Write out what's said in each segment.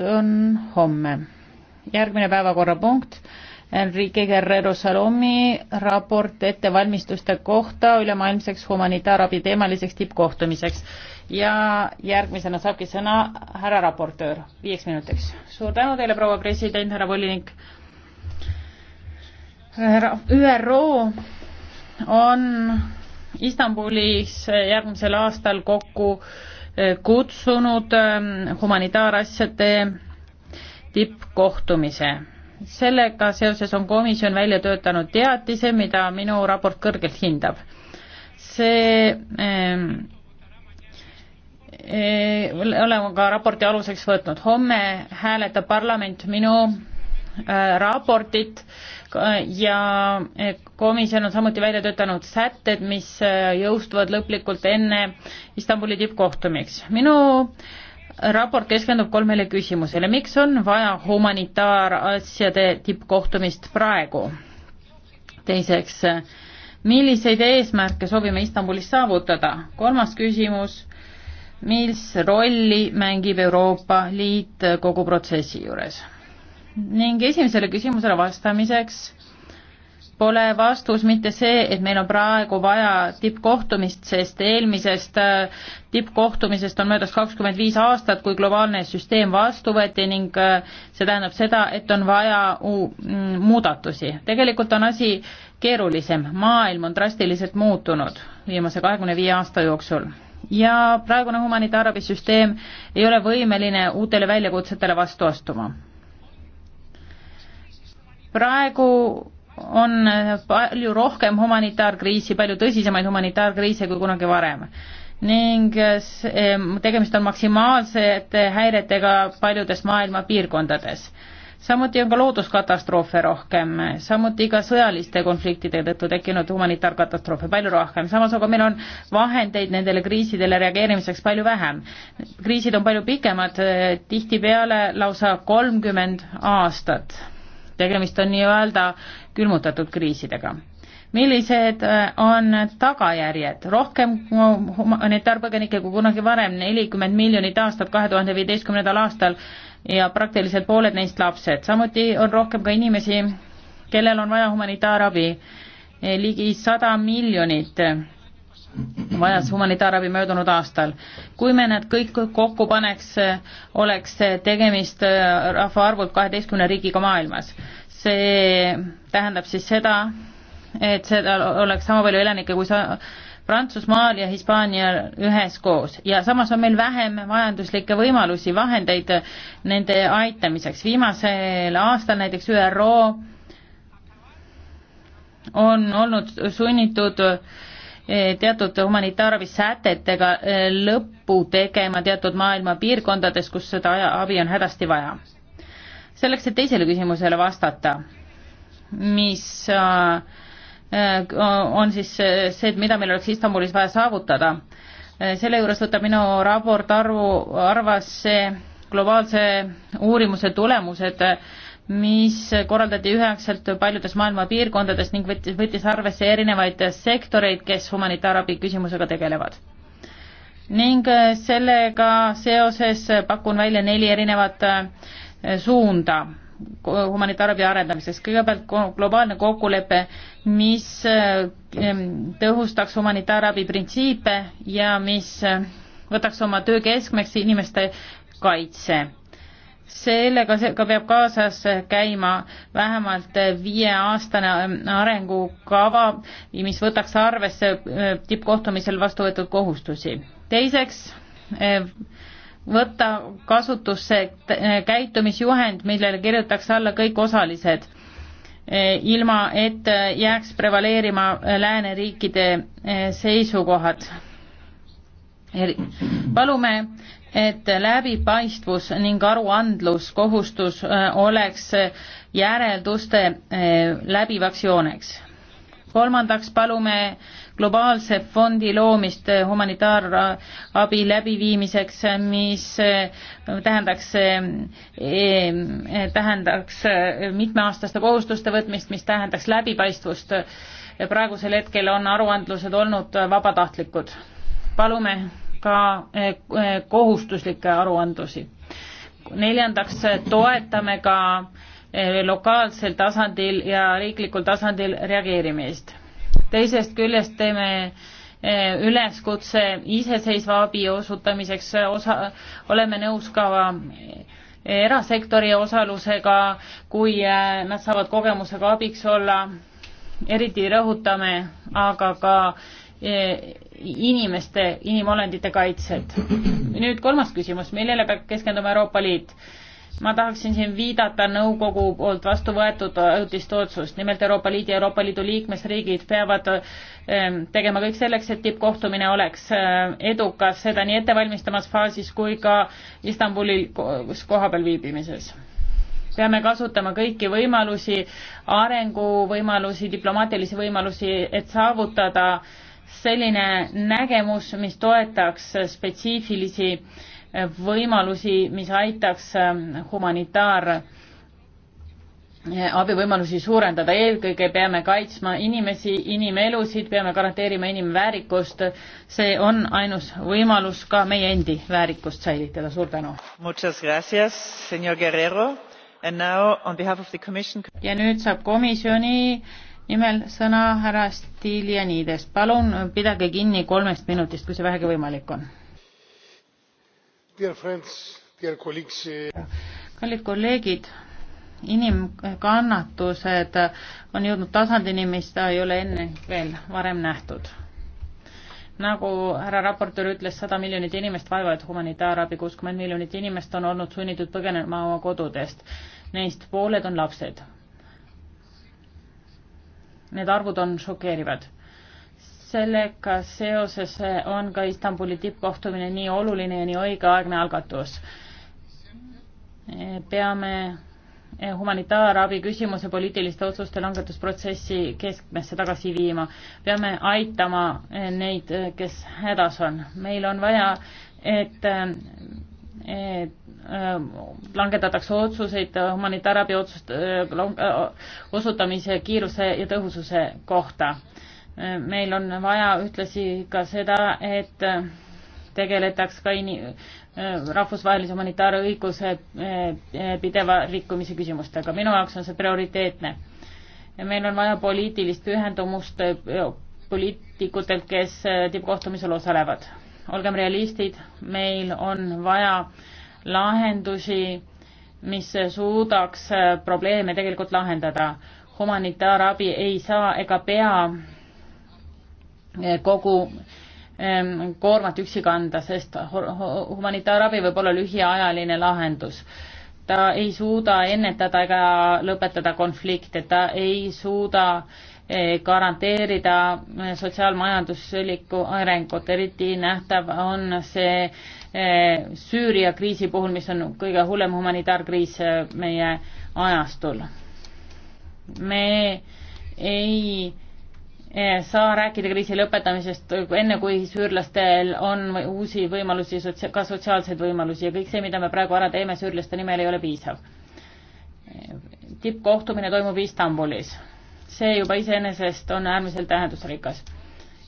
on homme. järgmine päevakorrapunkt, Enrique Guerrero Salomi raport ettevalmistuste kohta ülemaailmseks humanitaarabi teemaliseks tippkohtumiseks. ja järgmisena saabki sõna härra raportöör, viieks minutiks. suur tänu teile, proua president, härra volinik. ÜRO on Istanbulis järgmisel aastal kokku äh, kutsunud ähm, humanitaarasjade tippkohtumise. sellega seoses on komisjon välja töötanud teatise, mida minu raport kõrgelt hindab. see eh, ähm, eh, äh, oleme ka raporti aluseks võtnud. homme hääletab parlament minu eh, raportit ja komisjon on samuti välja töötanud sätted, mis jõustuvad lõplikult enne Istanbuli tippkohtumiks. minu raport keskendub kolmele küsimusele, miks on vaja humanitaarasjade tippkohtumist praegu? teiseks, milliseid eesmärke soovime Istanbulis saavutada? kolmas küsimus, mis rolli mängib Euroopa Liit kogu protsessi juures? ning esimesele küsimusele vastamiseks pole vastus mitte see, et meil on praegu vaja tippkohtumist, sest eelmisest äh, tippkohtumisest on möödas kakskümmend viis aastat, kui globaalne süsteem vastu võeti ning äh, see tähendab seda, et on vaja mm, muudatusi. tegelikult on asi keerulisem, maailm on drastiliselt muutunud viimase kahekümne viie aasta jooksul ja praegune humanitaarabisüsteem ei ole võimeline uutele väljakutsetele vastu astuma praegu on palju rohkem humanitaarkriisi, palju tõsisemaid humanitaarkriise kui kunagi varem ning tegemist on maksimaalsete häiretega paljudes maailma piirkondades. samuti on ka looduskatastroofe rohkem, samuti ka sõjaliste konfliktide tõttu tekkinud humanitaarkatastroofe palju rohkem, samas aga meil on vahendeid nendele kriisidele reageerimiseks palju vähem. kriisid on palju pikemad, tihtipeale lausa kolmkümmend aastat tegemist on nii-öelda külmutatud kriisidega. millised äh, on tagajärjed, rohkem humanitaarpõgenikke kui kunagi varem, nelikümmend miljonit aastat kahe tuhande viieteistkümnendal aastal ja praktiliselt pooled neist lapsed, samuti on rohkem ka inimesi, kellel on vaja humanitaarabi, ligi sada miljonit vajas humanitaarabi möödunud aastal. kui me need kõik kokku paneks, oleks tegemist äh, rahvaarvult kaheteistkümne riigiga maailmas. see tähendab siis seda, et seda oleks sama palju elanikke, kui sa Prantsusmaal ja Hispaanial üheskoos ja samas on meil vähem majanduslikke võimalusi, vahendeid nende aitamiseks. viimasel aastal näiteks ÜRO on olnud sunnitud äh, Eh, teatud humanitaarabisätetega eh, lõppu tegema teatud maailma piirkondades, kus seda abi on hädasti vaja. selleks, et teisele küsimusele vastata, mis äh, äh, on siis äh, see, et mida meil oleks Istanbulis vaja saavutada, selle juures võtab minu raport arvu, arvasse globaalse uurimuse tulemused äh, mis korraldati üheksalt paljudes maailma piirkondades ning võttis, võttis arvesse erinevaid sektoreid, kes humanitaarabi küsimusega tegelevad. ning sellega seoses pakun välja neli erinevat eh, suunda humanitaarabi arendamiseks. kõigepealt globaalne kokkulepe, mis eh, tõhustaks humanitaarabi printsiipe ja mis eh, võtaks oma töö keskmeks inimeste kaitse sellega ka peab kaasas käima vähemalt viieaastane arengukava, mis võtaks arvesse äh, tippkohtumisel vastu võetud kohustusi. teiseks, äh, võtta kasutusse äh, käitumisjuhend, millele kirjutaks alla kõik osalised, ilma et jääks prevaleerima lääneriikide seisukohad palume et läbipaistvus ning aruandluskohustus äh, oleks äh, järelduste äh, läbivaks jooneks. kolmandaks palume globaalse fondi loomist humanitaarabi läbiviimiseks, mis tähendaks, tähendaks mitmeaastaste kohustuste võtmist, mis tähendaks läbipaistvust. praegusel hetkel on aruandlused olnud vabatahtlikud. palume ka eh, eh, kohustuslikke aruandlusi. neljandaks eh, toetame ka lokaalsel tasandil ja riiklikul tasandil reageerimist. teisest küljest teeme üleskutse iseseisva abi osutamiseks, osa, oleme nõus ka erasektori osalusega, kui nad saavad kogemusega abiks olla, eriti rõhutame aga ka äh, Eh, inimeste, inimolendite kaitset. nüüd kolmas küsimus, millele peab keskenduma Euroopa Liit? ma tahaksin siin viidata nõukogu poolt vastu võetud ajutist otsust, nimelt Euroopa Liit ja Euroopa Liidu liikmesriigid peavad eh, tegema kõik selleks, et tippkohtumine oleks eh, edukas, seda nii ettevalmistamas faasis kui ka Istanbuli kohapeal viibimises. peame kasutama kõiki võimalusi, arenguvõimalusi, diplomaatilisi võimalusi, et saavutada äh, selline nägemus, mis toetaks spetsiifilisi eh, võimalusi, mis aitaks eh, humanitaar eh, abivõimalusi suurendada, eelkõige peame kaitsma inimesi, inimelusid, peame garanteerima inimväärikust, see on ainus võimalus ka meie endi väärikust säilitada, suur tänu. ja nüüd saab komisjoni nimel sõna härra Stiljanides. palun pidage kinni kolmest minutist, kui see vähegi võimalik on. Eh, kallid kolleegid, inimkannatused on jõudnud tasandini, mis ta ei ole enne veel varem nähtud. nagu härra raportöör ütles, sada miljonit inimest vaevavad humanitaarabi, kuuskümmend miljonit inimest on olnud sunnitud põgenema oma kodudest. Neist pooled on lapsed Need arvud on šokeerivad. sellega seoses on ka Istanbuli tippkohtumine nii oluline ja nii õigeaegne algatus. peame humanitaarabi küsimuse poliitiliste otsuste langetusprotsessi keskmesse tagasi viima. peame aitama neid, kes hädas on. meil on vaja, et, et Äh, langetatakse otsuseid humanitaarabi otsust, äh, äh, osutamise kiiruse ja tõhususe kohta. meil on vaja ühtlasi ka seda, et tegeletaks ka in-, rahvusvahelise humanitaarõiguse pideva rikkumise küsimustega. minu jaoks on see prioriteetne. meil on vaja poliitilist pühendumust poliitikutelt, kes tippkohtumisel osalevad. olgem realistid, meil on vaja äh, lahendusi, mis suudaks probleeme tegelikult lahendada. humanitaarabi ei saa ega pea kogu ehm, koormat üksi kanda, sest humanitaarabi võib olla lühiajaline lahendus. ta ei suuda ennetada ega lõpetada konflikte, ta ei suuda e, garanteerida e, sotsiaalmajanduslikku arengut, eriti nähtav on see Eh, Süüria kriisi puhul, mis on kõige hullem humanitaarkriis eh, meie ajastul. me ei eh, saa rääkida kriisi lõpetamisest enne, kui süürlastel on uusi võimalusi, ka sotsiaalseid võimalusi ja kõik see, mida me praegu ära teeme süürlaste nimel, ei ole piisav. tippkohtumine toimub Istanbulis. see juba iseenesest on äärmiselt tähendusrikas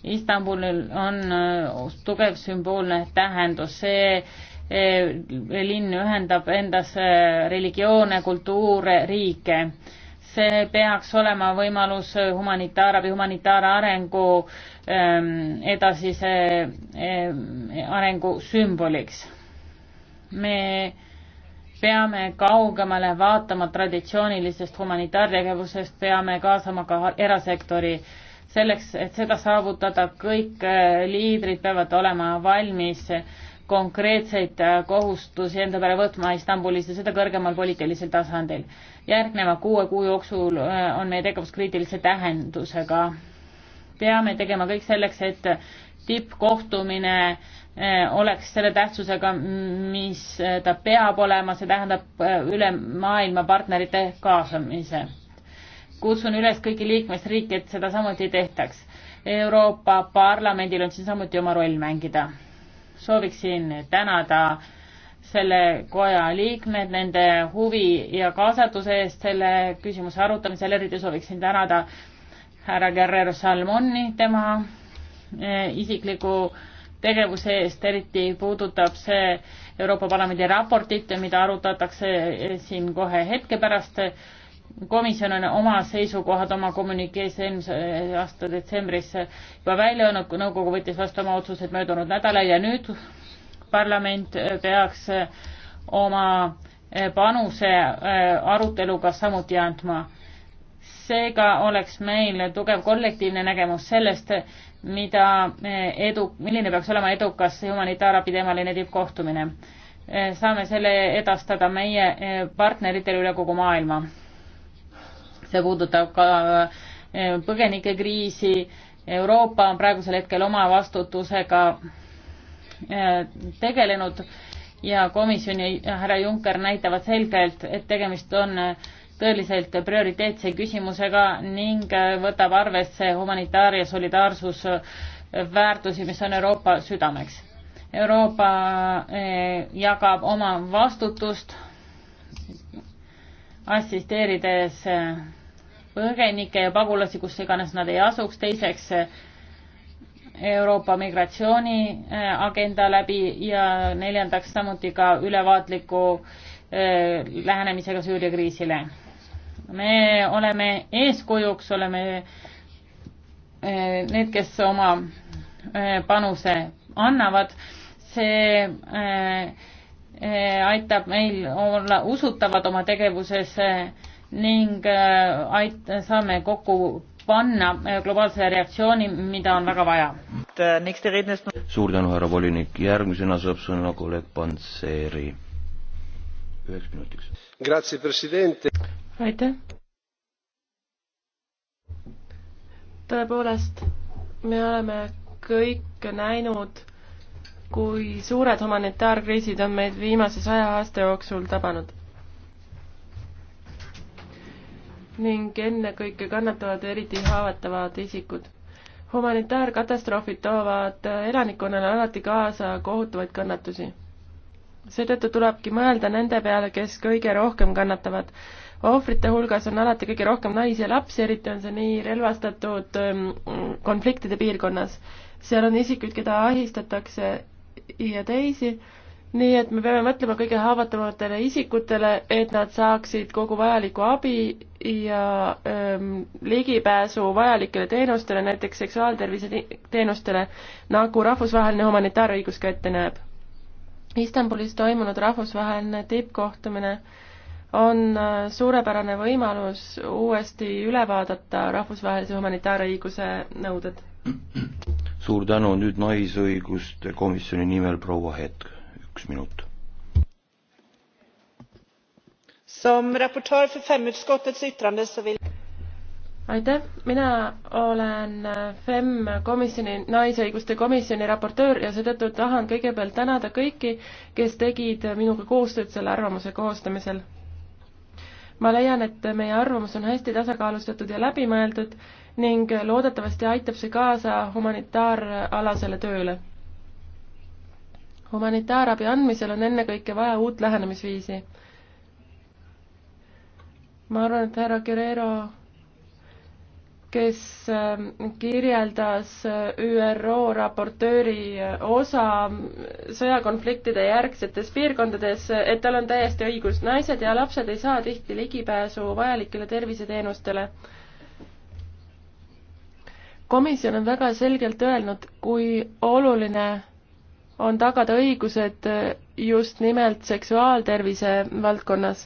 Istanbulil on äh, tugev sümboolne tähendus, see äh, linn ühendab endas äh, religioone, kultuure, riike. see peaks olema võimalus humanitaarabi, humanitaararengu ähm, edasise ähm, arengu sümboliks. me peame kaugemale vaatama traditsioonilisest humanitaartegevusest, peame kaasama ka erasektori äh, selleks, et seda saavutada, kõik äh, liidrid peavad olema valmis konkreetseid äh, kohustusi enda peale võtma Istanbulis ja seda kõrgemal poliitilisel tasandil. järgneva kuue kuu jooksul äh, on meie tegevus kriitilise tähendusega. peame tegema kõik selleks, et tippkohtumine oleks selle tähtsusega, mis ta peab olema, see tähendab üle maailma partnerite kaasamise kutsun üles kõiki liikmesriike, et seda samuti tehtaks. Euroopa Parlamendil on siin samuti oma roll mängida. sooviksin tänada selle koja liikmed nende huvi ja kaasatuse eest selle küsimuse arutamisel, eriti sooviksin tänada härra Guerrero Salmoni tema eh, isikliku tegevuse eest, eriti puudutab see Euroopa Parlamendi raportit, mida arutatakse eh, siin kohe hetke pärast komisjon on oma seisukohad oma kommunikees eelmise aasta detsembris juba välja öelnud, kui nõukogu võttis vastu oma otsused möödunud nädalal ja nüüd parlament peaks oma panuse aruteluga samuti andma. seega oleks meil tugev kollektiivne nägemus sellest, mida edu, milline peaks olema edukas humanitaarabi teemaline tippkohtumine. saame selle edastada meie partneritele üle kogu maailma see puudutab ka eh, põgenikekriisi. Euroopa on praegusel hetkel oma vastutusega eh, tegelenud ja komisjoni härra Juncker näitavad selgelt, et tegemist on eh, tõeliselt prioriteetse küsimusega ning võtab arvesse humanitaar- ja solidaarsusväärtusi, mis on Euroopa südameks. Euroopa jagab oma vastutust assisteerides põgenikke ja pagulasi, kus iganes nad ei asuks, teiseks eh, Euroopa migratsiooniagenda eh, läbi ja neljandaks samuti ka ülevaatliku eh, lähenemisega Süüria kriisile. me oleme eeskujuks, oleme need, kes oma panuse annavad, see aitab meil olla usutavad oma tegevuses ning äh, ait-, saame kokku panna äh, globaalse reaktsiooni, mida on väga vaja. suur tänu, härra volinik, järgmisena saab sõna kolleeg Panseri. üheks minutiks. aitäh. tõepoolest, me oleme kõik näinud, kui suured humanitaarkriisid on meid viimase saja aasta jooksul tabanud ning ennekõike kannatavad eriti haavatavad isikud. humanitaarkatastroofid toovad elanikkonnale alati kaasa kohutavaid kannatusi. seetõttu tulebki mõelda nende peale, kes kõige rohkem kannatavad. ohvrite hulgas on alati kõige rohkem naisi ja lapsi, eriti on see nii relvastatud ähm, konfliktide piirkonnas. seal on isikuid, keda ahistatakse ja teisi nii et me peame mõtlema kõige haavatavamatele isikutele, et nad saaksid kogu vajaliku abi ja ähm, ligipääsu vajalikele teenustele, näiteks seksuaaltervise teenustele, nagu rahvusvaheline humanitaarõigus ka ette näeb. Istanbulis toimunud rahvusvaheline tippkohtumine on äh, suurepärane võimalus uuesti üle vaadata rahvusvahelise humanitaarõiguse nõuded. suur tänu, nüüd Naisõiguste Komisjoni nimel proua Hetk üks minut. aitäh, mina olen äh, FEM komisjoni, naisõiguste komisjoni raportöör ja seetõttu tahan kõigepealt tänada kõiki, kes tegid äh, minuga koostööd selle arvamuse koostamisel ma leian, et meie arvamus on hästi tasakaalustatud ja läbimõeldud ning äh, loodetavasti aitab see kaasa humanitaaralasele tööle humanitaarabi andmisel on ennekõike vaja uut lähenemisviisi. ma arvan, et härra Guerrero kes ähm, kirjeldas äh, ÜRO raportööri äh, osa ähm, sõjakonfliktide järgsetes piirkondades, äh, et tal on täiesti õigus, naised ja lapsed ei saa tihti ligipääsu vajalikele terviseteenustele. komisjon on väga selgelt öelnud, kui oluline on tagada õigused just nimelt seksuaaltervise valdkonnas.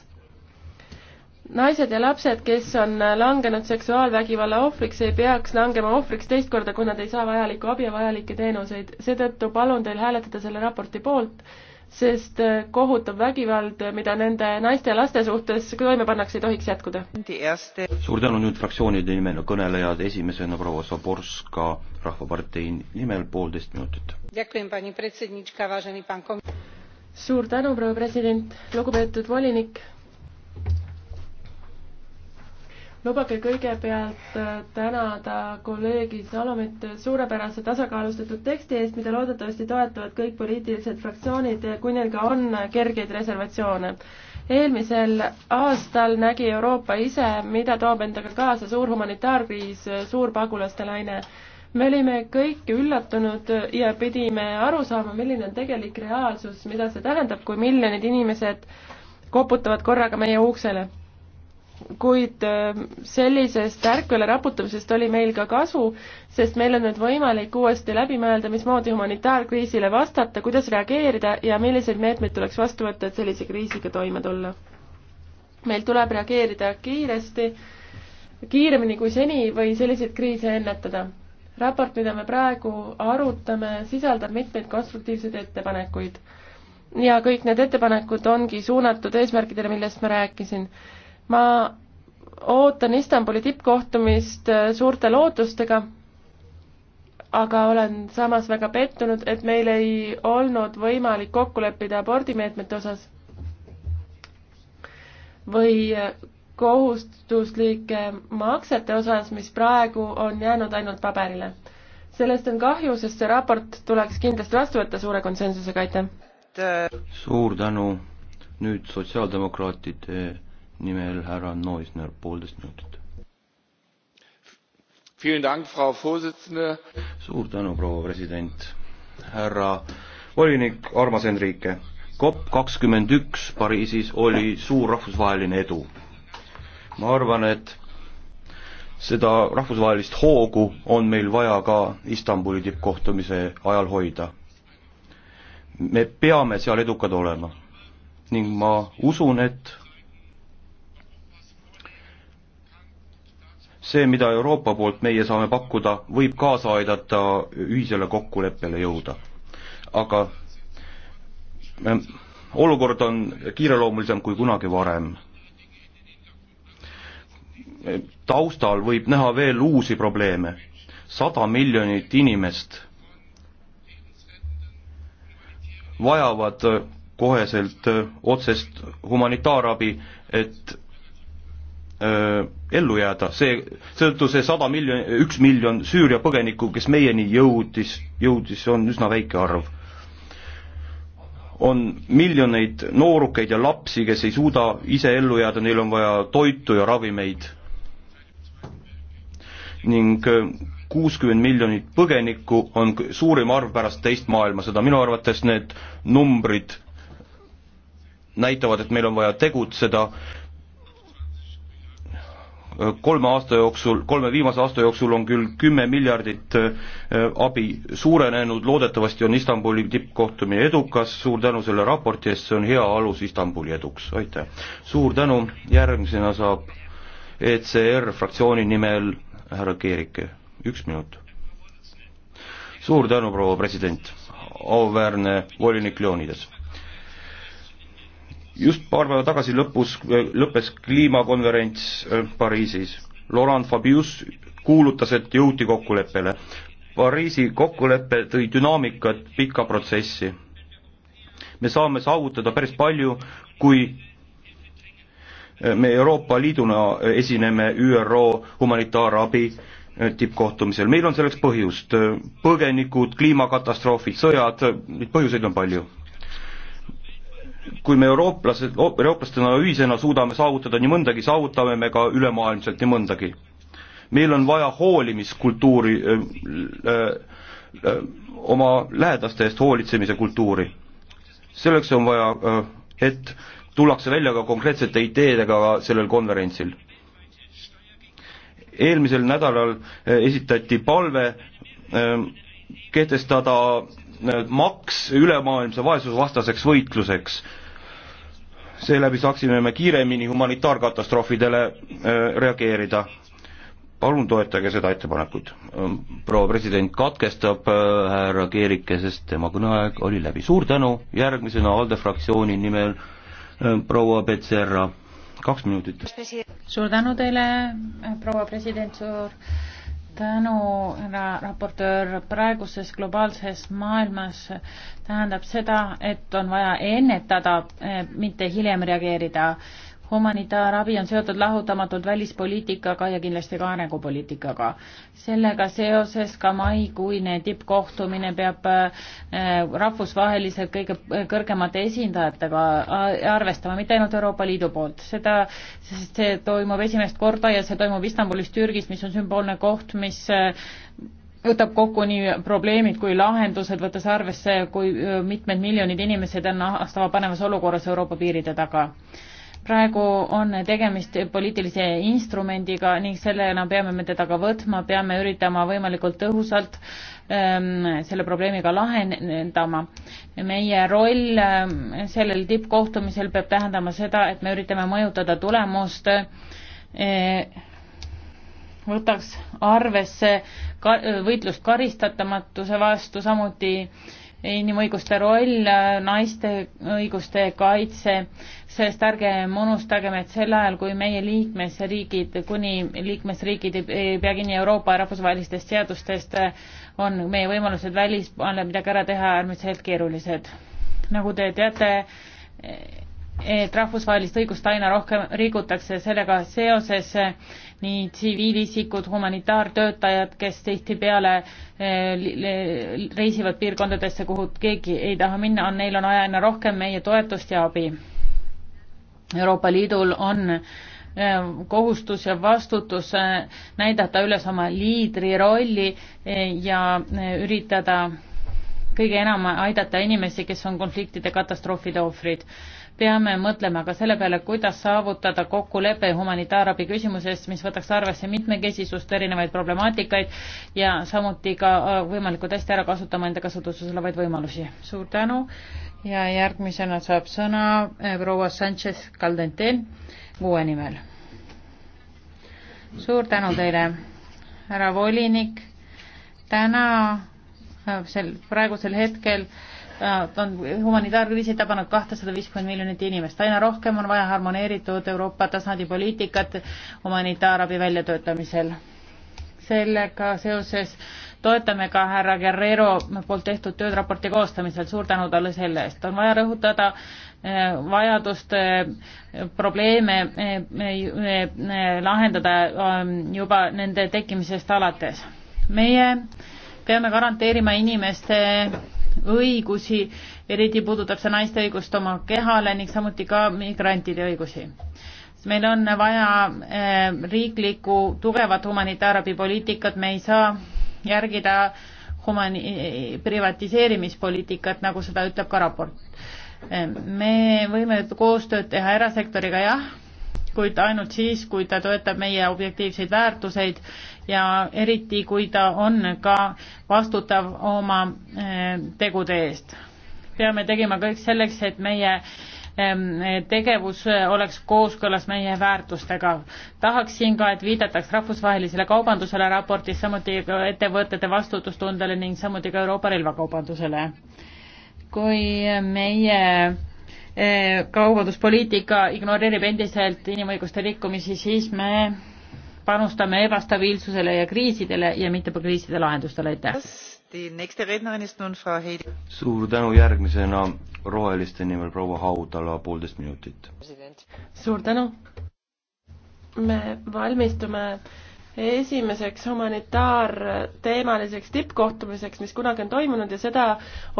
naised ja lapsed, kes on langenud seksuaalvägivalla ohvriks, ei peaks langema ohvriks teist korda, kui nad ei saa vajalikku abi ja vajalikke teenuseid. seetõttu palun teil hääletada selle raporti poolt sest äh, kohutav vägivald, mida nende naiste ja laste suhtes toime pannakse, ei tohiks jätkuda. suur tänu nüüd fraktsioonide nimel kõnelejad, esimesena proua Soborska Rahvapartei nimel poolteist minutit. suur tänu, proua president, lugupeetud volinik lubage kõigepealt äh, tänada kolleegi Salomit suurepärase tasakaalustatud teksti eest, mida loodetavasti toetavad kõik poliitilised fraktsioonid, kui neil ka on kergeid reservatsioone. eelmisel aastal nägi Euroopa ise, mida toob endaga kaasa suur humanitaarkriis, suur pagulaste laine me olime kõik üllatunud ja pidime aru saama, milline on tegelik reaalsus, mida see tähendab, kui miljonid inimesed koputavad korraga meie uksele kuid äh, sellisest ärkvele raputamisest oli meil ka kasu, sest meil on nüüd võimalik uuesti läbi mõelda, mismoodi humanitaarkriisile vastata, kuidas reageerida ja milliseid meetmeid tuleks vastu võtta, et sellise kriisiga toime tulla. meil tuleb reageerida kiiresti, kiiremini kui seni või selliseid kriise ennetada. raport, mida me praegu arutame, sisaldab mitmeid konstruktiivseid ettepanekuid. ja kõik need ettepanekud ongi suunatud eesmärkidele, millest ma rääkisin ma ootan Istanbuli tippkohtumist äh, suurte lootustega, aga olen samas väga pettunud, et meil ei olnud võimalik kokku leppida abordimeetmete osas või äh, kohustuslike maksete osas, mis praegu on jäänud ainult paberile. sellest on kahju, sest see raport tuleks kindlasti vastu võtta suure konsensusega, aitäh! suur tänu, nüüd sotsiaaldemokraatide nimel härra Noisner, poolteist minutit. suur tänu, proua president. härra volinik, armas Henrike, COP kakskümmend üks Pariisis oli suur rahvusvaheline edu. ma arvan, et seda rahvusvahelist hoogu on meil vaja ka Istanbuli tippkohtumise ajal hoida. me peame seal edukad olema ning ma usun, et see, mida Euroopa poolt meie saame pakkuda, võib kaasa aidata ühisele kokkuleppele jõuda. aga ähm, olukord on kiireloomulisem kui kunagi varem. taustal võib näha veel uusi probleeme. sada miljonit inimest vajavad koheselt otsest humanitaarabi, et öö, äh, ellu jääda, see, seetõttu see sada miljon, üks miljon Süüria põgenikku, kes meieni jõudis, jõudis, on üsna väike arv. on miljoneid noorukeid ja lapsi, kes ei suuda ise ellu jääda, neil on vaja toitu ja ravimeid. ning äh, kuuskümmend miljonit põgenikku on suurim arv pärast teist maailmasõda, minu arvates need numbrid näitavad, et meil on vaja tegutseda kolme aasta jooksul, kolme viimase aasta jooksul on küll kümme miljardit äh, abi suurenenud, loodetavasti on Istanbuli tippkohtumine edukas, suur tänu selle raporti eest, see on hea alus Istanbuli eduks, aitäh. suur tänu, järgmisena saab ECR fraktsiooni nimel härra Keerike, üks minut. suur tänu, proua president, auväärne volinik Leonides just paar päeva tagasi lõpus, lõppes kliimakonverents äh, Pariisis. Laurent Fabius kuulutas, et jõuti kokkuleppele. Pariisi kokkulepe tõi dünaamikat pikka protsessi. me saame saavutada päris palju, kui äh, me Euroopa Liiduna esineme ÜRO humanitaarabi äh, tippkohtumisel, meil on selleks põhjust, põgenikud, kliimakatastroofid, sõjad, neid põhjuseid on palju kui me eurooplased, eurooplastena ühisena suudame saavutada nii mõndagi, saavutame me ka ülemaailmselt nii mõndagi. meil on vaja hoolimiskultuuri äh,, äh, oma lähedaste eest hoolitsemise kultuuri. selleks on vaja äh,, et tullakse välja ka konkreetsete ideedega sellel konverentsil. eelmisel nädalal esitati palve kehtestada äh, maks ülemaailmse vaesusvastaseks võitluseks. seeläbi saaksime me kiiremini humanitaarkatastroofidele äh, reageerida. palun toetage seda ettepanekut. Ähm, proua president katkestab äh, härra Keerike, sest tema kõneaeg oli läbi. suur tänu, järgmisena ALDE fraktsiooni nimel proua Petserra, kaks minutit. suur tänu teile, proua president, suur tänu, härra raportöör, praeguses globaalses maailmas tähendab seda, et on vaja ennetada, eh, mitte hiljem reageerida humanitaarabi on seotud lahutamatult välispoliitikaga ja kindlasti ka arengupoliitikaga. sellega seoses ka maikuine tippkohtumine peab eh, rahvusvaheliselt kõige kõrgemate esindajatega äh, arvestama, mitte ainult Euroopa Liidu poolt, seda, sest see toimub esimest korda ja see toimub Istanbulis, Türgis, mis on sümboolne koht, mis äh, võtab kokku nii probleemid kui lahendused, võttes arvesse, kui äh, mitmed miljonid inimesed on aastava panevas olukorras Euroopa piiride taga praegu on tegemist poliitilise instrumendiga ning sellena peame me teda ka võtma, peame üritama võimalikult tõhusalt ähm, selle probleemiga lahendama. meie roll ähm, sellel tippkohtumisel peab tähendama seda, et me üritame mõjutada tulemust, äh, võtaks arvesse ka võitlust karistatamatuse vastu, samuti inimõiguste roll, naiste õiguste kaitse, sest ärgem unustagem, et sel ajal, kui meie liikmesriigid, kuni liikmesriigid ei pea kinni Euroopa rahvusvahelistest seadustest, on meie võimalused välismaale midagi ära teha äärmiselt keerulised. nagu te teate, et rahvusvahelist õigust aina rohkem rikutakse, sellega seoses nii tsiviilisikud, humanitaartöötajad, kes tihtipeale eh, reisivad piirkondadesse, kuhu keegi ei taha minna, on, neil on vaja aina rohkem meie toetust ja abi. Euroopa Liidul on eh, kohustus ja vastutus eh, näidata üles oma liidri rolli ja üritada kõige enam aidata inimesi, kes on konfliktide katastroofide ohvrid peame mõtlema ka selle peale, kuidas saavutada kokkulepe humanitaarabi küsimuses, mis võtaks arvesse mitmekesisust, erinevaid problemaatikaid ja samuti ka äh, võimalikult hästi ära kasutama enda kasutuses olevaid võimalusi. suur tänu ja järgmisena saab sõna äh, proua Sanchez Caldenten uue nimel. suur tänu teile, härra volinik, täna äh, sel praegusel hetkel äh, on humanitaarkriis tabanud kahtesada viiskümmend miljonit inimest. aina rohkem on vaja harmoneeritud Euroopa tasandi poliitikat humanitaarabi väljatöötamisel. sellega seoses toetame ka härra Guerrero poolt tehtud tööd raporti koostamisel, suur tänu talle selle eest. on vaja rõhutada eh, vajadust eh, probleeme eh, lahendada juba nende tekkimisest alates. meie peame garanteerima inimeste õigusi, eriti puudutab see naiste õigust oma kehale ning samuti ka migrantide õigusi. meil on vaja eh, riiklikku tugevat humanitaarabipoliitikat, me ei saa järgida humani-, privatiseerimispoliitikat, nagu seda ütleb ka raport. Eh, me võime koostööd teha erasektoriga, jah, kuid ainult siis, kui ta toetab meie objektiivseid väärtuseid ja eriti, kui ta on ka vastutav oma eh, tegude eest. peame tegema kõik selleks, et meie tegevus oleks kooskõlas meie väärtustega. tahaksin ka, et viidataks rahvusvahelisele kaubandusele raportis, samuti ettevõtete vastutustundele ning samuti ka Euroopa relvakaubandusele. kui meie eh, kaubanduspoliitika ignoreerib endiselt inimõiguste rikkumisi, siis me panustame ebastabiilsusele ja kriisidele ja mitte kriiside lahendustele, aitäh. suur tänu, järgmisena roheliste nimel proua Haudala, poolteist minutit. suur tänu. me valmistume esimeseks humanitaarteemaliseks tippkohtumiseks, mis kunagi on toimunud ja seda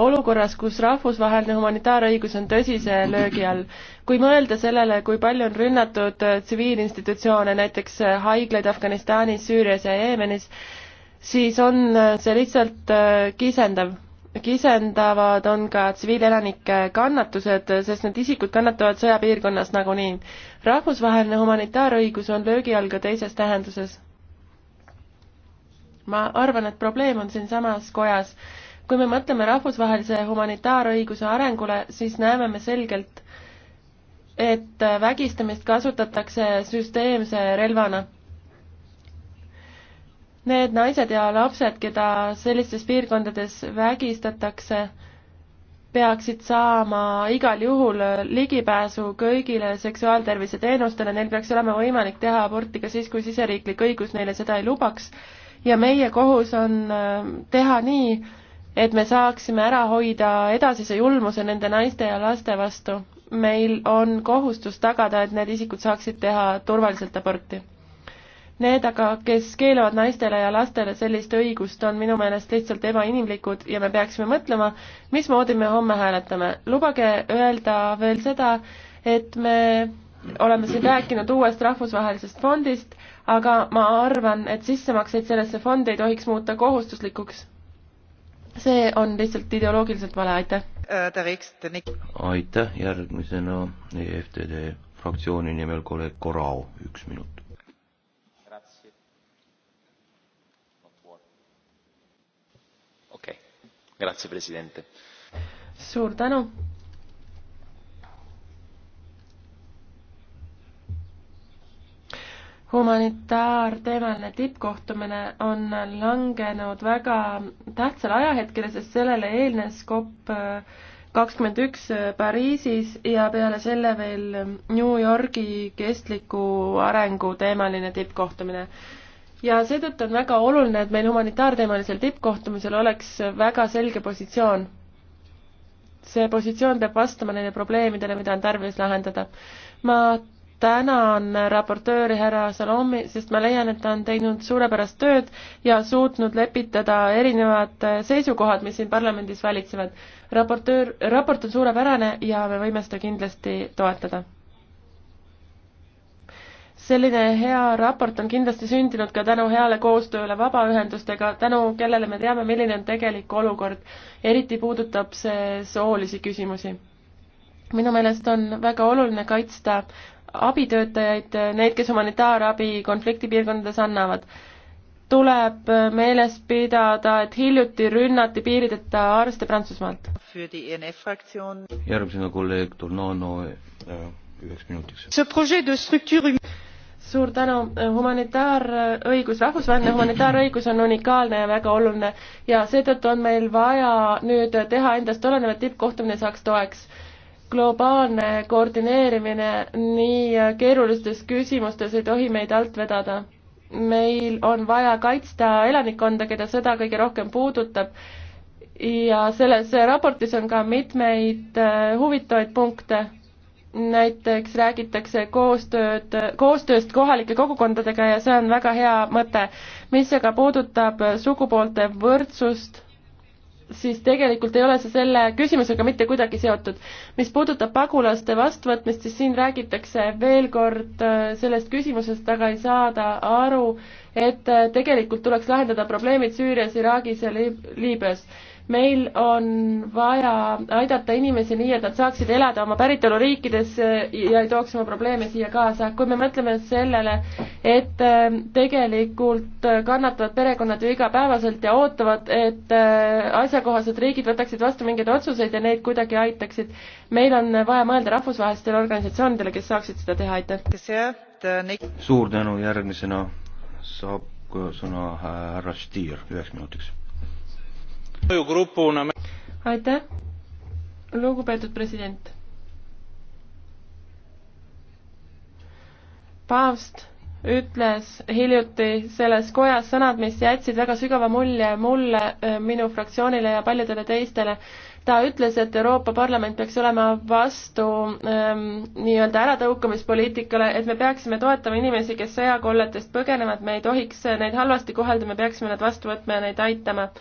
olukorras, kus rahvusvaheline humanitaarõigus on tõsise löögi all. kui mõelda sellele, kui palju on rünnatud tsiviilinstitutsioone, näiteks haiglaid Afganistanis, Süürias ja Jeemenis, siis on see lihtsalt äh, kisendav kisendavad on ka tsiviilelanike kannatused, sest need isikud kannatavad sõjapiirkonnas nagunii. rahvusvaheline humanitaarõigus on löögi all ka teises tähenduses ma arvan, et probleem on siinsamas kojas. kui me mõtleme rahvusvahelise humanitaarõiguse arengule, siis näeme me selgelt, et vägistamist kasutatakse süsteemse relvana. Need naised ja lapsed, keda sellistes piirkondades vägistatakse, peaksid saama igal juhul ligipääsu kõigile seksuaaltervise teenustele, neil peaks olema võimalik teha aborti ka siis, kui siseriiklik õigus neile seda ei lubaks ja meie kohus on äh, teha nii, et me saaksime ära hoida edasise julmuse nende naiste ja laste vastu. meil on kohustus tagada, et need isikud saaksid teha turvaliselt aborti. Need aga, kes keelavad naistele ja lastele sellist õigust, on minu meelest lihtsalt ebainimlikud ja me peaksime mõtlema, mismoodi me homme hääletame. lubage öelda veel seda, et me oleme siin rääkinud uuest rahvusvahelisest fondist, aga ma arvan, et sissemakseid sellesse fondi ei tohiks muuta kohustuslikuks. see on lihtsalt ideoloogiliselt vale, aitäh. aitäh, järgmisena EFTD fraktsiooni nimel kolleeg Korao, üks minut. okei okay., grazie, president. suur tänu humanitaarteemaline tippkohtumine on langenud väga tähtsale ajahetkele, sest sellele eelnes COP äh, kakskümmend üks äh, Pariisis ja peale selle veel New Yorgi kestliku arengu teemaline tippkohtumine. ja seetõttu on väga oluline, et meil humanitaarteemalisel tippkohtumisel oleks väga selge positsioon. see positsioon peab vastama neile probleemidele, mida on tarvis lahendada. ma tänan raportööri härra Salomi, sest ma leian, et ta on teinud suurepärast tööd ja suutnud lepitada erinevad seisukohad, mis siin parlamendis valitsevad. raportöör, raport on suurepärane ja me võime seda kindlasti toetada. selline hea raport on kindlasti sündinud ka tänu heale koostööle vabaühendustega, tänu kellele me teame, milline on tegelik olukord. eriti puudutab see soolisi küsimusi minu meelest on väga oluline kaitsta abitöötajaid, neid, kes humanitaarabi konfliktipiirkondades annavad. tuleb meeles pidada, et hiljuti rünnati piirideta arste Prantsusmaalt. E järgmisena kolleeg Tornano äh, üheks minutiks suur tänu, humanitaarõigus, rahvusvaheline humanitaarõigus on unikaalne ja väga oluline ja seetõttu on meil vaja nüüd teha endast olenev, et tippkohtumine saaks toeks globaalne koordineerimine nii keerulistes küsimustes ei tohi meid alt vedada. meil on vaja kaitsta elanikkonda, keda sõda kõige rohkem puudutab ja selles raportis on ka mitmeid äh, huvitavaid punkte. näiteks räägitakse koostööd, koostööst kohalike kogukondadega ja see on väga hea mõte. mis aga puudutab sugupoolte võrdsust siis tegelikult ei ole see selle küsimusega mitte kuidagi seotud. mis puudutab pagulaste vastuvõtmist, siis siin räägitakse veel kord äh, sellest küsimusest, aga ei saada aru, et äh, tegelikult tuleks lahendada probleemid Süürias, Iraagis ja Liibüas. Liibes meil on vaja aidata inimesi nii, et nad saaksid elada oma päritoluriikides ja ei tooks oma probleeme siia kaasa. kui me mõtleme sellele, et äh, tegelikult kannatavad perekonnad ju igapäevaselt ja ootavad, et äh, asjakohased riigid võtaksid vastu mingeid otsuseid ja neid kuidagi aitaksid. meil on vaja mõelda rahvusvahelistele organisatsioonidele, kes saaksid seda teha, aitäh. suur tänu, järgmisena saab sõna härra Stier üheks minutiks aitäh, lugupeetud president. paavst ütles hiljuti selles kojas sõnad, mis jätsid väga sügava mulje mulle, eh, minu fraktsioonile ja paljudele teistele ta ütles, et Euroopa Parlament peaks olema vastu ähm, nii-öelda äratõukamispoliitikale, et me peaksime toetama inimesi, kes sõjakolletest põgenevad, me ei tohiks neid halvasti kohelda, me peaksime nad vastu võtma ja neid aitama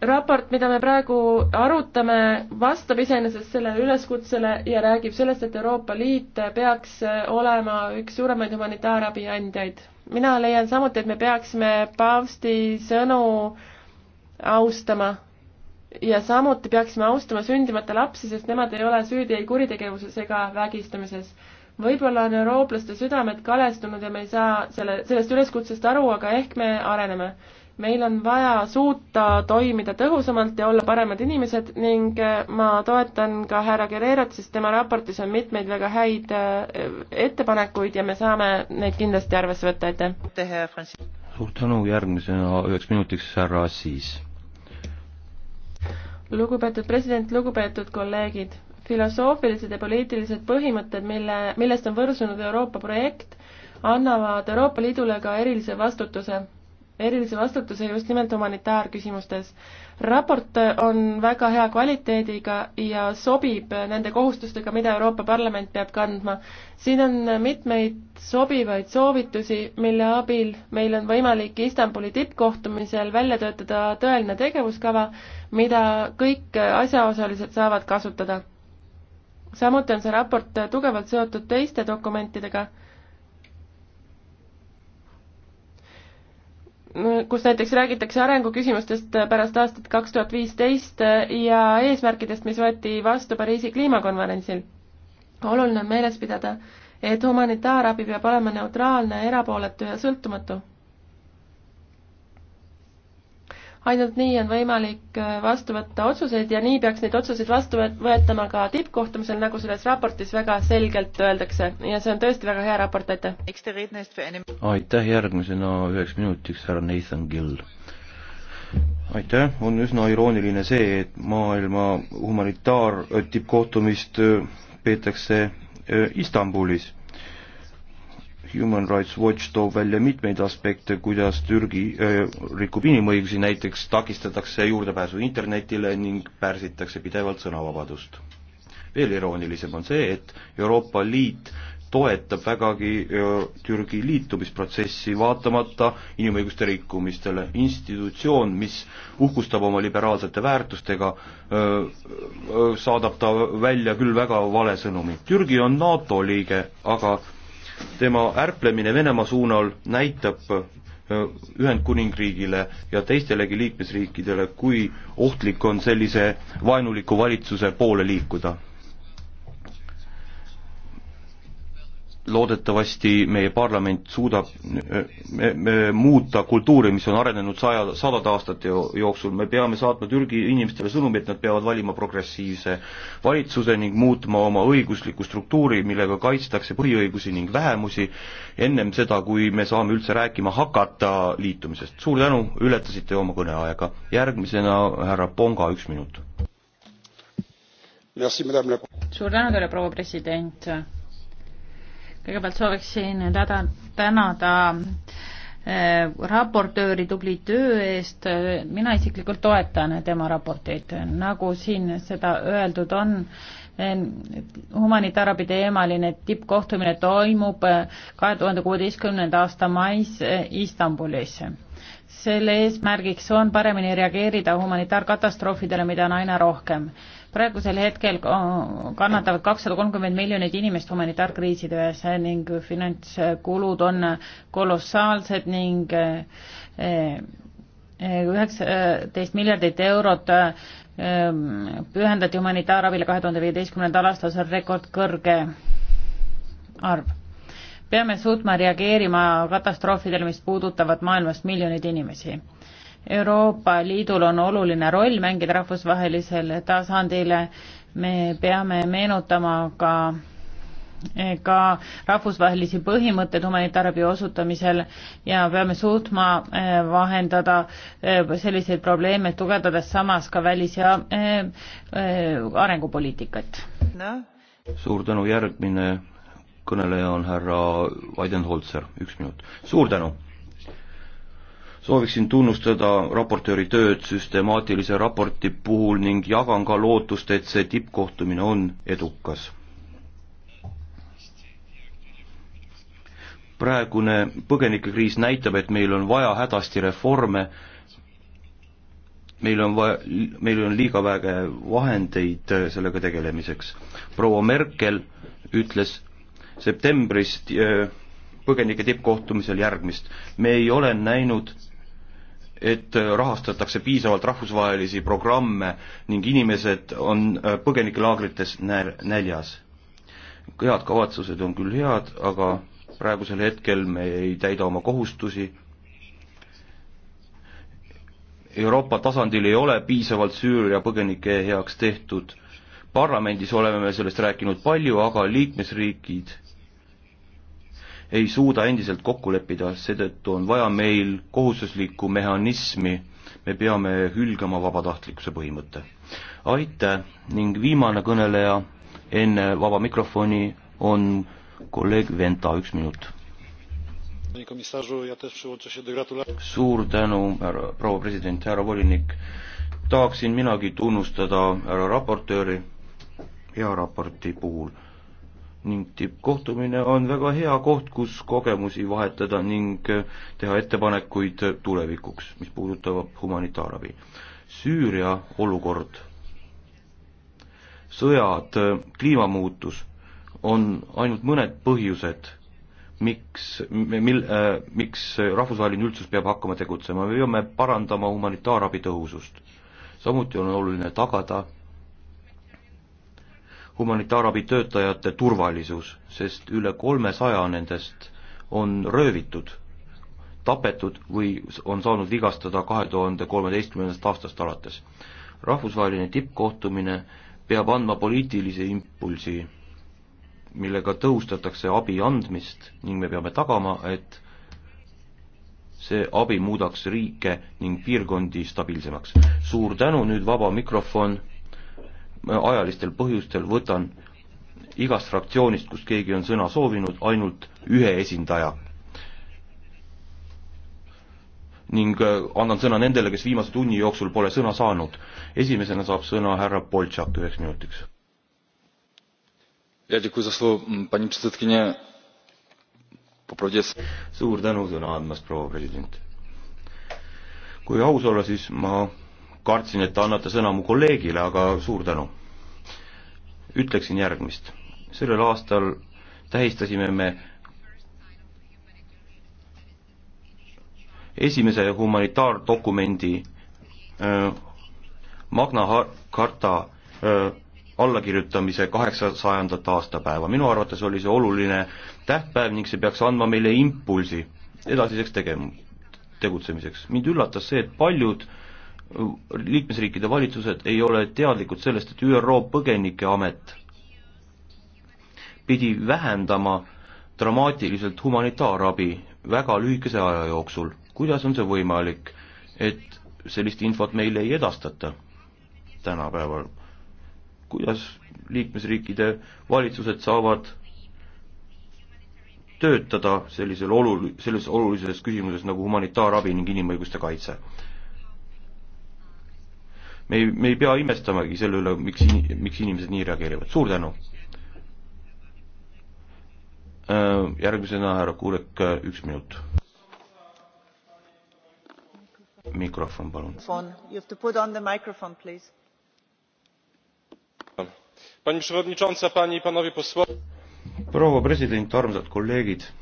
raport, mida me praegu arutame, vastab iseenesest sellele üleskutsele ja räägib sellest, et Euroopa Liit peaks olema üks suuremaid humanitaarabi andjaid. mina leian samuti, et me peaksime paavsti sõnu austama ja samuti peaksime austama sündimata lapsi, sest nemad ei ole süüdi ei kuritegevuses ega vägistamises võib-olla on eurooplaste südamed kalestunud ja me ei saa selle, sellest üleskutsest aru, aga ehk me areneme. meil on vaja suuta toimida tõhusamalt ja olla paremad inimesed ning äh, ma toetan ka härra Guerrerot, sest tema raportis on mitmeid väga häid äh, ettepanekuid ja me saame neid kindlasti arvesse võtta, aitäh! suur tänu, järgmisena üheks minutiks härra Assis. lugupeetud president, lugupeetud kolleegid filosoofilised ja poliitilised põhimõtted, mille, millest on võrsunud Euroopa projekt, annavad Euroopa Liidule ka erilise vastutuse, erilise vastutuse just nimelt humanitaarküsimustes. raport on väga hea kvaliteediga ja sobib nende kohustustega, mida Euroopa Parlament peab kandma. siin on mitmeid sobivaid soovitusi, mille abil meil on võimalik Istanbuli tippkohtumisel välja töötada tõeline tegevuskava, mida kõik asjaosalised saavad kasutada samuti on see raport tugevalt seotud teiste dokumentidega, kus näiteks räägitakse arenguküsimustest pärast aastat kaks tuhat viisteist ja eesmärkidest, mis võeti vastu Pariisi kliimakonverentsil. oluline on meeles pidada, et humanitaarabi peab olema neutraalne, erapooletu ja sõltumatu ainult nii on võimalik äh, vastu võtta otsuseid ja nii peaks neid otsuseid vastu võetama ka tippkohtumisel, nagu selles raportis väga selgelt öeldakse ja see on tõesti väga hea raport, aitäh. aitäh, järgmisena üheks minutiks härra Nathan Gill. aitäh, on üsna irooniline see, et maailma humanitaar tippkohtumist äh, peetakse äh, Istanbulis Human Rights Watch toob välja mitmeid aspekte, kuidas Türgi öö, rikub inimõigusi, näiteks takistatakse juurdepääsu internetile ning pärsitakse pidevalt sõnavabadust. veel iroonilisem on see, et Euroopa Liit toetab vägagi Türgi liitumisprotsessi, vaatamata inimõiguste rikkumistele. institutsioon, mis uhkustab oma liberaalsete väärtustega, saadab ta välja küll väga vale sõnumi. Türgi on NATO liige, aga tema ärplemine Venemaa suunal näitab äh, Ühendkuningriigile ja teistelegi liikmesriikidele, kui ohtlik on sellise vaenuliku valitsuse poole liikuda loodetavasti meie parlament suudab me, me, muuta kultuuri, mis on arenenud saja, sadade aastate jooksul, me peame saatma Türgi inimestele sõnumi, et nad peavad valima progressiivse valitsuse ning muutma oma õigusliku struktuuri, millega kaitstakse põhiõigusi ning vähemusi, ennem seda, kui me saame üldse rääkima hakata liitumisest. suur tänu, ületasite oma kõneaega. järgmisena härra Ponga, üks minut. suur tänu teile, proua president kõigepealt sooviksin täda, tänada äh, raportööri tubli töö eest, mina isiklikult toetan tema raporteid, nagu siin seda öeldud on, humanitaarabi teemaline tippkohtumine toimub äh, kahe tuhande kuueteistkümnenda aasta mais äh, Istanbulis. selle eesmärgiks on paremini reageerida humanitaarkatastroofidele, mida on aina rohkem praegusel hetkel kannatavad kakssada kolmkümmend miljonit inimest humanitaarkriisides ning finantskulud on kolossaalsed ning eh, eh, üheksateist miljardit eurot ehm, pühendati humanitaarabile kahe tuhande viieteistkümnendal aastal, see on rekordkõrge arv. peame suutma reageerima katastroofidele, mis puudutavad maailmas miljoneid inimesi Euroopa Liidul on oluline roll mängida rahvusvahelisel tasandil, me peame meenutama ka ka rahvusvahelisi põhimõtteid humanitaarabi osutamisel ja peame suutma eh, vahendada eh, selliseid probleeme, tugevdades samas ka välis- ja eh, arengupoliitikat no.. suur tänu, järgmine kõneleja on härra Weidenholzer, üks minut. suur tänu sooviksin tunnustada raportööri tööd süstemaatilise raporti puhul ning jagan ka lootust, et see tippkohtumine on edukas. praegune põgenikekriis näitab, et meil on vaja hädasti reforme, meil on vaja, meil on liiga väge vahendeid sellega tegelemiseks. proua Merkel ütles septembris äh, põgenike tippkohtumisel järgmist, me ei ole näinud et äh, rahastatakse piisavalt rahvusvahelisi programme ning inimesed on äh, põgenikelaagrites nä-, näljas. head kavatsused on küll head, aga praegusel hetkel me ei täida oma kohustusi, Euroopa tasandil ei ole piisavalt Süüria põgenike heaks tehtud, parlamendis oleme me sellest rääkinud palju, aga liikmesriigid ei suuda endiselt kokku leppida, seetõttu on vaja meil kohustuslikku mehhanismi, me peame hülgama vabatahtlikkuse põhimõtte. aitäh ning viimane kõneleja enne vaba mikrofoni on kolleeg Venta, üks minut. suur tänu, härra proua president, härra volinik, tahaksin minagi tunnustada härra raportööri hea raporti puhul ning tippkohtumine on väga hea koht, kus kogemusi vahetada ning teha ettepanekuid tulevikuks, mis puudutab humanitaarabi. Süüria olukord, sõjad, kliimamuutus on ainult mõned põhjused, miks, mil äh,, miks rahvusvaheline üldsus peab hakkama tegutsema, me peame parandama humanitaarabi tõhusust. samuti on oluline tagada humanitaarabi töötajate turvalisus, sest üle kolmesaja nendest on röövitud, tapetud või on saanud vigastada kahe tuhande kolmeteistkümnendast aastast alates. rahvusvaheline tippkohtumine peab andma poliitilise impulsi, millega tõhustatakse abi andmist ning me peame tagama, et see abi muudaks riike ning piirkondi stabiilsemaks. suur tänu, nüüd vaba mikrofon ajalistel põhjustel võtan igast fraktsioonist, kus keegi on sõna soovinud, ainult ühe esindaja. ning äh, annan sõna nendele, kes viimase tunni jooksul pole sõna saanud. esimesena saab sõna härra Boltšak üheks minutiks. suur tänu sõna andmast, proua president. kui aus olla, siis ma kartsin, et te annate sõna mu kolleegile, aga suur tänu ütleksin järgmist. sellel aastal tähistasime me esimese humanitaardokumendi äh, Magna Carta äh, allakirjutamise kaheksasajandat aastapäeva. minu arvates oli see oluline tähtpäev ning see peaks andma meile impulsi edasiseks tegem-, tegutsemiseks. mind üllatas see, et paljud äh, liikmesriikide valitsused ei ole teadlikud sellest, et ÜRO põgenikeamet pidi vähendama dramaatiliselt humanitaarabi väga lühikese aja jooksul. kuidas on see võimalik, et sellist infot meile ei edastata tänapäeval? kuidas liikmesriikide valitsused saavad töötada sellisel olul-, selles olulises küsimuses nagu humanitaarabi ning inimõiguste kaitse? me ei, me ei pea imestamagi selle üle, miks, miks inimesed nii reageerivad, suur tänu! Äh, järgmisena härra Kuurek, äh, üks minut. mikrofon, palun. Pani przewodnicząca, pani i panowie posłowie. proua president, armsad kolleegid.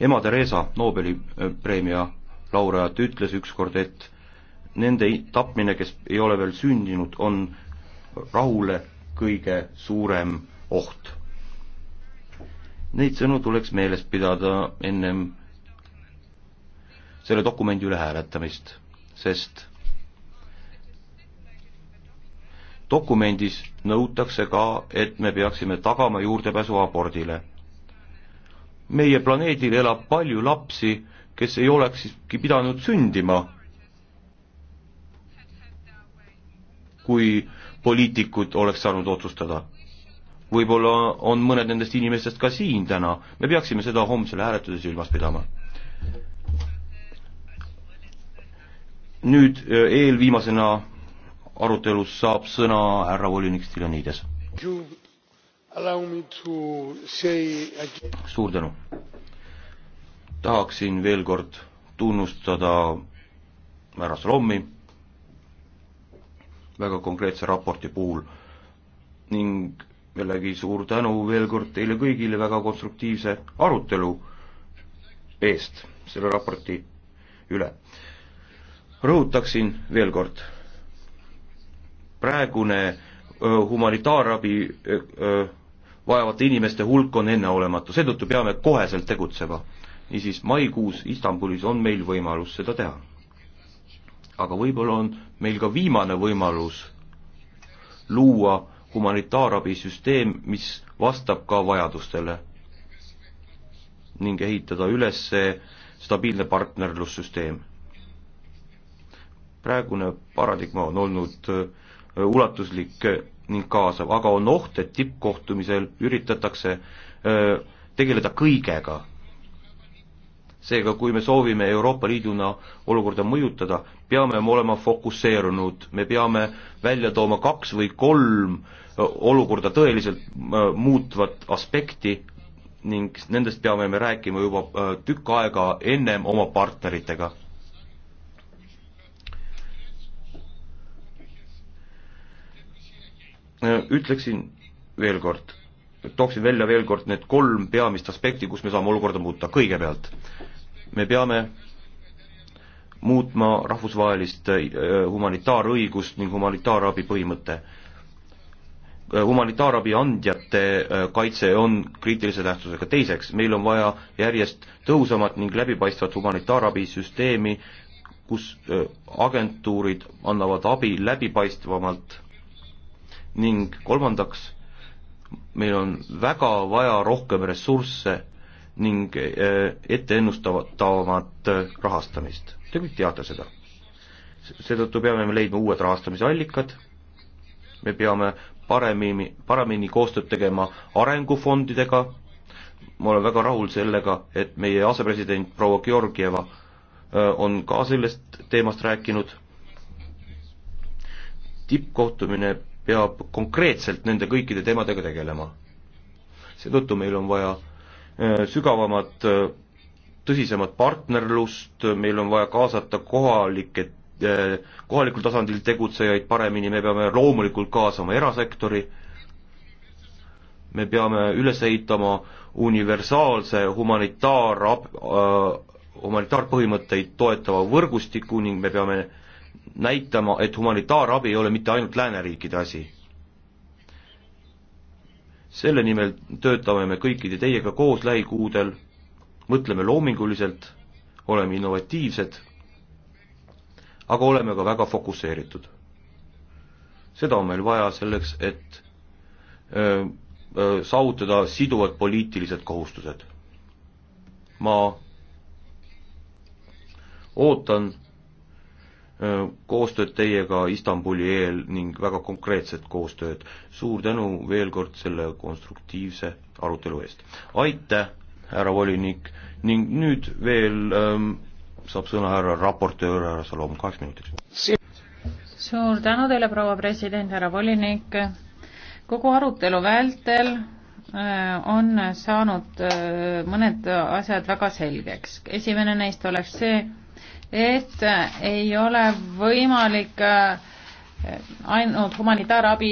ema Theresa Nobeli äh, preemia laureaat ütles ükskord, et nende tapmine, kes ei ole veel sündinud, on rahule kõige suurem oht. Neid sõnu tuleks meeles pidada ennem selle dokumendi üle hääletamist, sest dokumendis nõutakse ka, et me peaksime tagama juurdepääsu abordile. meie planeedil elab palju lapsi, kes ei olekski pidanud sündima, kui poliitikud oleks saanud otsustada. võib-olla on mõned nendest inimestest ka siin täna, me peaksime seda homsel hääletusel silmas pidama. nüüd eh, eelviimasena arutelus saab sõna härra volinik Stiljanides. suur tänu tahaksin veel kord tunnustada härras Rommi väga konkreetse raporti puhul ning jällegi suur tänu veel kord teile kõigile väga konstruktiivse arutelu eest selle raporti üle. rõhutaksin veel kord, praegune humanitaarabi vajavate inimeste hulk on enneolematu, seetõttu peame koheselt tegutsema niisiis, maikuus Istanbulis on meil võimalus seda teha. aga võib-olla on meil ka viimane võimalus luua humanitaarabisüsteem, mis vastab ka vajadustele ning ehitada üles see stabiilne partnerlussüsteem. praegune paradigma on olnud äh, ulatuslik ning kaasav, aga on oht, et tippkohtumisel üritatakse äh, tegeleda kõigega seega, kui me soovime Euroopa Liiduna olukorda mõjutada, peame me olema fokusseerunud, me peame välja tooma kaks või kolm olukorda tõeliselt muutvat aspekti ning nendest peame me rääkima juba tükk aega ennem oma partneritega. ütleksin veel kord, tooksin välja veel kord need kolm peamist aspekti, kus me saame olukorda muuta, kõigepealt me peame muutma rahvusvahelist äh, humanitaarõigust ning humanitaarabi põhimõte. Äh, humanitaarabi andjate äh, kaitse on kriitilise tähtsusega, teiseks, meil on vaja järjest tõhusamat ning läbipaistvat humanitaarabisüsteemi, kus agentuurid annavad abi läbipaistvamalt ning kolmandaks, meil on väga vaja rohkem ressursse ning äh, etteennustavamat äh, rahastamist. Te kõik teate seda. seetõttu peame me leidma uued rahastamisallikad, me peame paremini, paremini koostööd tegema arengufondidega, ma olen väga rahul sellega, et meie asepresident proua Georgieva äh, on ka sellest teemast rääkinud, tippkohtumine peab konkreetselt nende kõikide teemadega tegelema. seetõttu meil on vaja Äh, sügavamat, äh, tõsisemat partnerlust, meil on vaja kaasata kohalikke, äh, kohalikul tasandil tegutsejaid paremini, me peame loomulikult kaasama erasektori, me peame üles ehitama universaalse humanitaarab-, humanitaarpõhimõtteid toetava võrgustiku ning me peame näitama, et humanitaarabi ei ole mitte ainult lääneriikide asi selle nimel töötame me kõikide teiega koos lähikuudel, mõtleme loominguliselt, oleme innovatiivsed, aga oleme ka väga fokusseeritud. seda on meil vaja selleks, et öö, öö, saavutada siduvad poliitilised kohustused. ma ootan koostööd teiega Istanbuli eel ning väga konkreetset koostööd. suur tänu veel kord selle konstruktiivse arutelu eest. aitäh, härra volinik, ning nüüd veel ähm, saab sõna härra raportöör, härra Salom, kaheks minutiks. suur tänu teile, proua president, härra volinik. kogu arutelu vältel on saanud mõned asjad väga selgeks. esimene neist oleks see, et äh, ei ole võimalik äh, ainult humanitaarabi,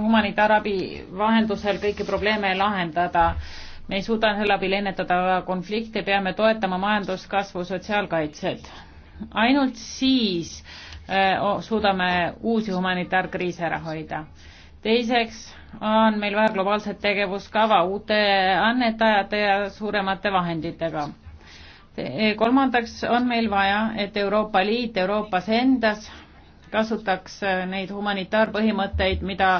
humanitaarabi vahendusel kõiki probleeme lahendada. me ei suuda selle abil ennetada konflikte, peame toetama majanduskasvu, sotsiaalkaitset. ainult siis äh, suudame uusi humanitaarkriise ära hoida. teiseks on meil vaja globaalset tegevuskava uute annetajate ja suuremate vahenditega Eh, kolmandaks on meil vaja, et Euroopa Liit Euroopas endas kasutaks eh, neid humanitaarpõhimõtteid, mida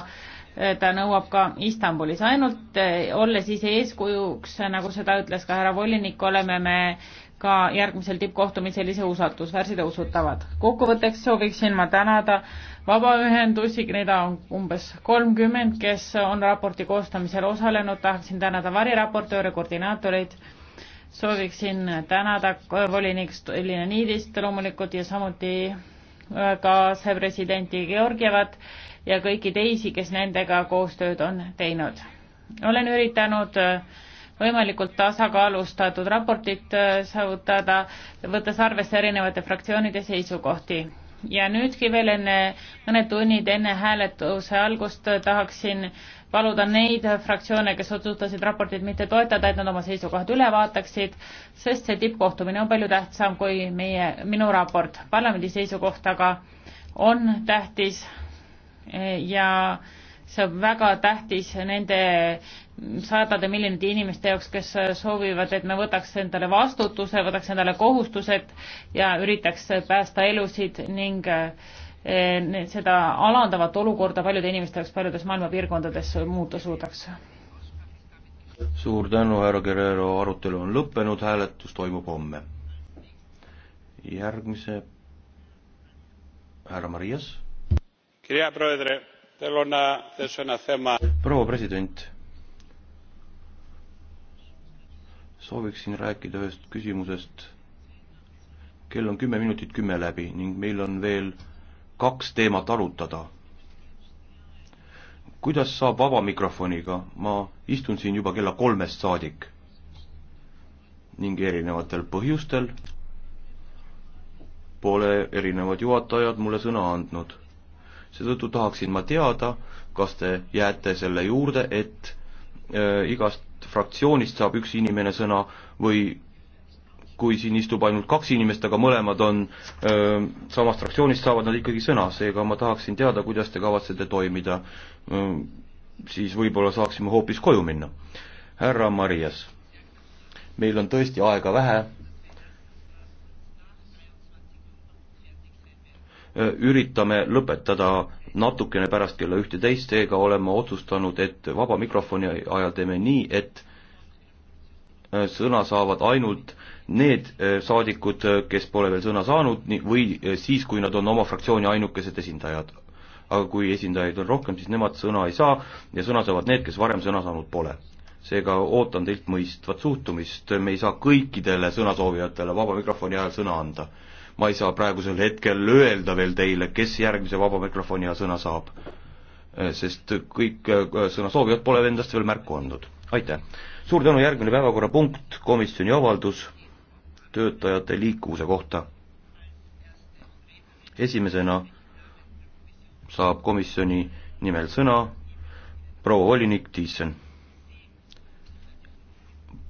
eh, ta nõuab ka Istanbulis, ainult olles ise eeskujuks, nagu seda ütles ka härra volinik, oleme me ka järgmisel tippkohtumisel ise usaldusväärse tõusutavad. kokkuvõtteks sooviksin ma tänada vabaühendusi, keda on umbes kolmkümmend, kes on raporti koostamisel osalenud, tahaksin tänada variraportööre, koordinaatoreid sooviksin tänada volinik Leonidist loomulikult ja samuti äh, kaasepresidenti Georgievat ja kõiki teisi, kes nendega koostööd on teinud. olen üritanud äh, võimalikult tasakaalustatud raportit äh, saavutada, võttes arvesse erinevate fraktsioonide seisukohti ja nüüdki veel enne, mõned tunnid enne hääletuse algust tahaksin paluda neid fraktsioone, kes otsustasid raportit mitte toetada, et nad oma seisukohad üle vaataksid, sest see tippkohtumine on palju tähtsam kui meie, minu raport. parlamendi seisukoht aga on tähtis eh, ja äh, see on väga tähtis nende sadade miljonite inimeste jaoks, kes soovivad, et me võtaks endale vastutuse, võtaks endale kohustused ja üritaks päästa elusid ning eh, seda alandavat olukorda paljude inimeste jaoks paljudes maailma piirkondades muuta suudaks. suur tänu, härra Guerrero, arutelu on lõppenud, hääletus toimub homme. järgmise, härra Marias. kirja proedre proua president, sooviksin rääkida ühest küsimusest. kell on kümme minutit kümme läbi ning meil on veel kaks teemat arutada. kuidas saab vaba mikrofoniga, ma istun siin juba kella kolmest saadik ning erinevatel põhjustel pole erinevad juhatajad mulle sõna andnud seetõttu tahaksin ma teada, kas te jääte selle juurde, et äh, igast fraktsioonist saab üks inimene sõna või kui siin istub ainult kaks inimest, aga mõlemad on öö, äh, samast fraktsioonist, saavad nad ikkagi sõna, seega ma tahaksin teada, kuidas te kavatsete toimida. Äh, siis võib-olla saaksime hoopis koju minna. härra Marias, meil on tõesti aega vähe üritame lõpetada natukene pärast kella ühteteist, seega oleme otsustanud, et vaba mikrofoni ajal teeme nii, et sõna saavad ainult need saadikud, kes pole veel sõna saanud või siis, kui nad on oma fraktsiooni ainukesed esindajad. aga kui esindajaid on rohkem, siis nemad sõna ei saa ja sõna saavad need, kes varem sõna saanud pole seega ootan teilt mõistvat suhtumist, me ei saa kõikidele sõnasoovijatele vaba mikrofoni ajal sõna anda ma ei saa praegusel hetkel öelda veel teile, kes järgmise vaba mikrofoni ja sõna saab. Äh, sest kõik äh, sõnasoovijad pole endast veel märku andnud. aitäh! suur tänu, järgmine päevakorrapunkt, komisjoni avaldus töötajate liikuvuse kohta. esimesena saab komisjoni nimel sõna proua volinik Tiisson.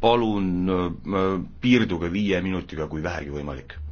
palun äh, piirduge viie minutiga, kui vähegi võimalik